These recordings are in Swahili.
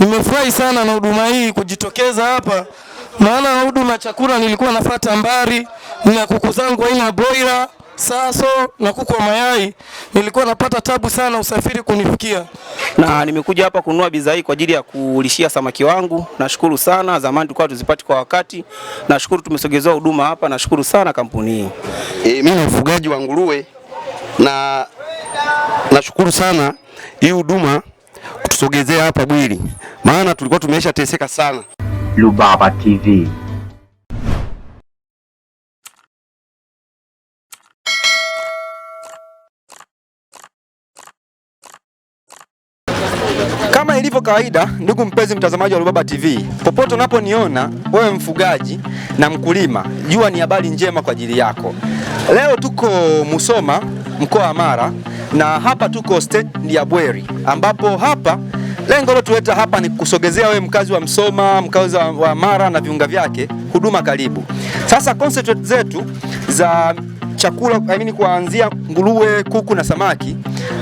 Nimefurahi sana na huduma hii kujitokeza hapa, maana huduma chakula nilikuwa nafata mbari, nina kuku zangu aina broiler saso na kuku wa mayai, nilikuwa napata tabu sana usafiri kunifikia, na nimekuja hapa kununua bidhaa hii kwa ajili ya kulishia samaki wangu. Nashukuru sana, zamani tulikuwa tuzipati kwa wakati. Nashukuru tumesogezewa huduma hapa, nashukuru sana kampuni hii. E, mimi ni mfugaji wa nguruwe na nashukuru sana hii huduma kutusogezea hapa Bwili, maana tulikuwa tumeisha teseka sana. Rubaba TV. Kama ilivyo kawaida, ndugu mpenzi mtazamaji wa Rubaba TV, popote unaponiona wewe mfugaji na mkulima, jua ni habari njema kwa ajili yako. Leo tuko Musoma, mkoa wa Mara, na hapa tuko stendi ya Bweri, ambapo hapa Lengo lotuleta hapa ni kusogezea wewe mkazi wa Msoma, mkazi wa Mara na viunga vyake huduma karibu. Sasa concentrate zetu za chakula I mean, kuanzia nguruwe, kuku na samaki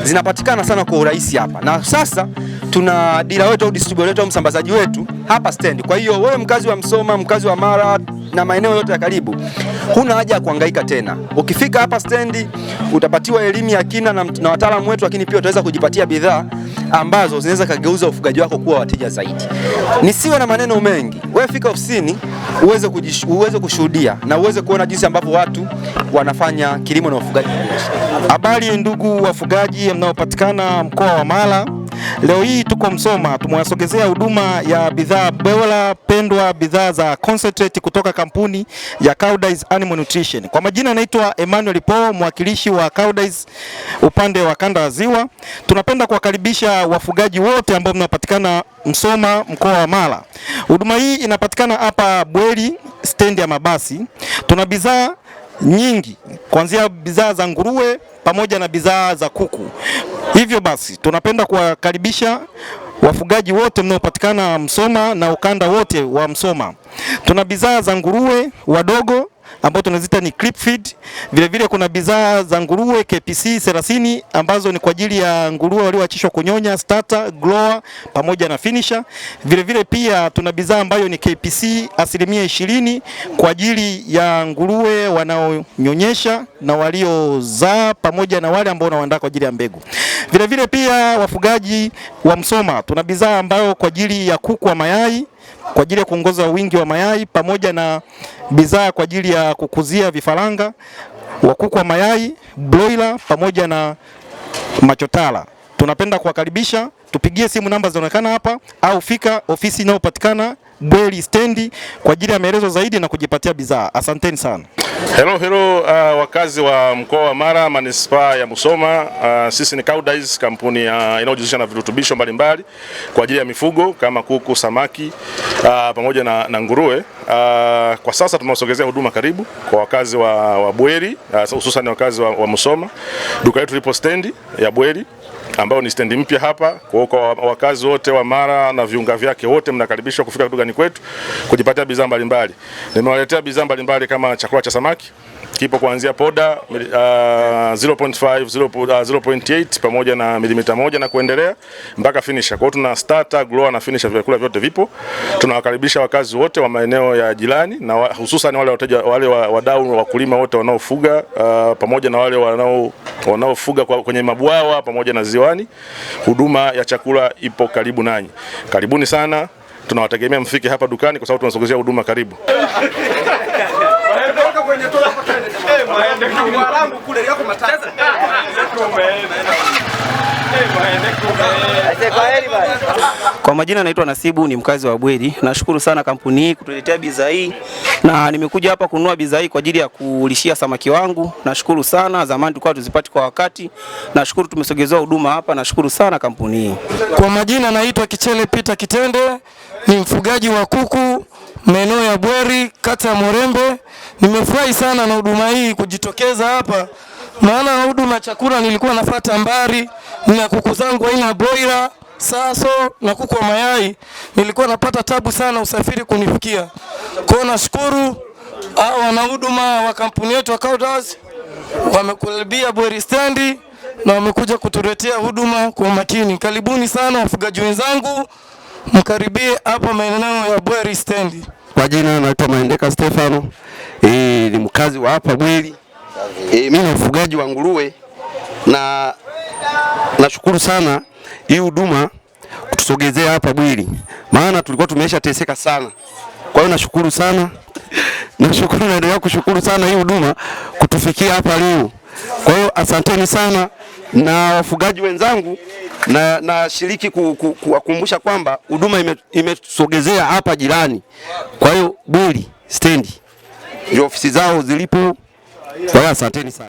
zinapatikana sana kwa urahisi hapa, na sasa tuna dira wetu au distributor wetu au msambazaji wetu hapa stand. Kwa hiyo wewe mkazi wa Msoma, mkazi wa Mara na maeneo yote ya karibu, huna haja ya kuhangaika tena. Ukifika hapa stendi utapatiwa elimu ya kina na, na wataalamu wetu, lakini pia utaweza kujipatia bidhaa ambazo zinaweza kageuza ufugaji wako kuwa watija zaidi. Nisiwe na maneno mengi, wewe fika ofisini uweze uweze kushuhudia na uweze kuona jinsi ambavyo watu wanafanya kilimo na ufugaji. Habari ndugu wafugaji mnaopatikana mkoa wa Mara Leo hii tuko Msoma, tumewasogezea huduma ya bidhaa bora pendwa, bidhaa za concentrate kutoka kampuni ya Koudijs Animal Nutrition. Kwa majina naitwa Emmanuel Po, mwakilishi wa Koudijs upande wa kanda ya Ziwa. Tunapenda kuwakaribisha wafugaji wote ambao mnapatikana Msoma, mkoa wa Mara. Huduma hii inapatikana hapa bweli stendi ya mabasi. Tuna bidhaa nyingi kuanzia bidhaa za nguruwe pamoja na bidhaa za kuku. Hivyo basi tunapenda kuwakaribisha wafugaji wote mnaopatikana Msoma na ukanda wote wa Msoma. Tuna bidhaa za nguruwe wadogo ambao tunazita ni clip feed. Vile vile kuna bidhaa za nguruwe KPC 30 ambazo ni kwa ajili ya nguruwe walioachishwa kunyonya, starter, grower pamoja na finisher. Vile vile pia tuna bidhaa ambayo ni KPC asilimia 20 kwa ajili ya nguruwe wanaonyonyesha na waliozaa pamoja na wale ambao wanaandaa kwa ajili ya mbegu. Vile vile pia wafugaji wa Msoma tuna bidhaa ambayo kwa ajili ya kuku wa mayai kwa ajili ya kuongoza wingi wa mayai pamoja na bidhaa kwa ajili ya kukuzia vifaranga wa kuku wa mayai, broiler pamoja na machotara. Tunapenda kuwakaribisha, tupigie simu namba zinaonekana hapa au fika ofisi inayopatikana Bweri stendi kwa ajili ya maelezo zaidi na kujipatia bidhaa. Asanteni sana. Hello, hello uh, wakazi wa mkoa wa Mara manispaa ya Musoma. Uh, sisi ni Koudijs, kampuni uh, inayojihusisha na virutubisho mbalimbali kwa ajili ya mifugo kama kuku, samaki uh, pamoja na, na nguruwe uh, kwa sasa tumewasogezea huduma karibu kwa wakazi wa, wa Bweri uh, hususan uh, wakazi wa, wa Musoma. Duka letu lipo stendi ya Bweri ambayo ni stendi mpya hapa. Kwa kwa wakazi wote wa Mara na viunga vyake wote mnakaribishwa kufika kidugani kwetu kujipatia bidhaa mbalimbali. Nimewaletea bidhaa mbalimbali kama chakula cha samaki kipo kuanzia poda uh, 0.5 0.8 pamoja na milimita moja na kuendelea mpaka finisher. Kwa hiyo tuna starter, grower na finisher, vyakula vyote vipo. Tunawakaribisha wakazi wote wa maeneo ya jirani na hususan wale wateja wale wadau wakulima wote wanaofuga uh, pamoja na wale wanao wanaofuga kwenye mabwawa pamoja na ziwani. Huduma ya chakula ipo karibu nanyi, karibuni sana. Tunawategemea mfike hapa dukani, kwa sababu tunasogezea huduma karibu. Kwa majina naitwa Nasibu, ni mkazi wa Bweri. Nashukuru sana kampuni hii kutuletea bidhaa hii, na nimekuja hapa kununua bidhaa hii kwa ajili ya kulishia samaki wangu. Nashukuru sana, zamani tulikuwa tuzipati kwa wakati. Nashukuru tumesogezewa huduma hapa, nashukuru sana kampuni hii. Kwa majina naitwa Kichele Pita Kitende, ni mfugaji wa kuku maeneo ya Bweri, kata ya Morembe. Nimefurahi sana na huduma hii kujitokeza hapa maana ya huduma chakula, nilikuwa nafuata mbari na kuku zangu aina boira saso na kuku wa mayai, nilikuwa napata tabu sana usafiri kunifikia. Kwa nashukuru wana huduma wa kampuni yetu wa Kouders wamekulibia Bweri stendi na wamekuja kutuletea huduma kwa makini. Karibuni sana wafugaji wenzangu, mkaribie hapa maeneo ya Bweri stendi. Kwa jina naitwa Maendeka Stefano, ni mkazi wa hapa Bweri. E, mimi ni mfugaji wa nguruwe na nashukuru sana hii huduma kutusogezea hapa Bwili, maana tulikuwa tumesha teseka sana. Kwa hiyo nashukuru sana, nashukuru, naendelea kushukuru sana hii huduma kutufikia hapa leo. Kwa hiyo asanteni sana na wafugaji wenzangu, na nashiriki kuwakumbusha ku, ku, kwamba huduma imetusogezea ime hapa jirani. Kwa hiyo Bwili stendi ndio ofisi zao zilipo. Asanteni sana.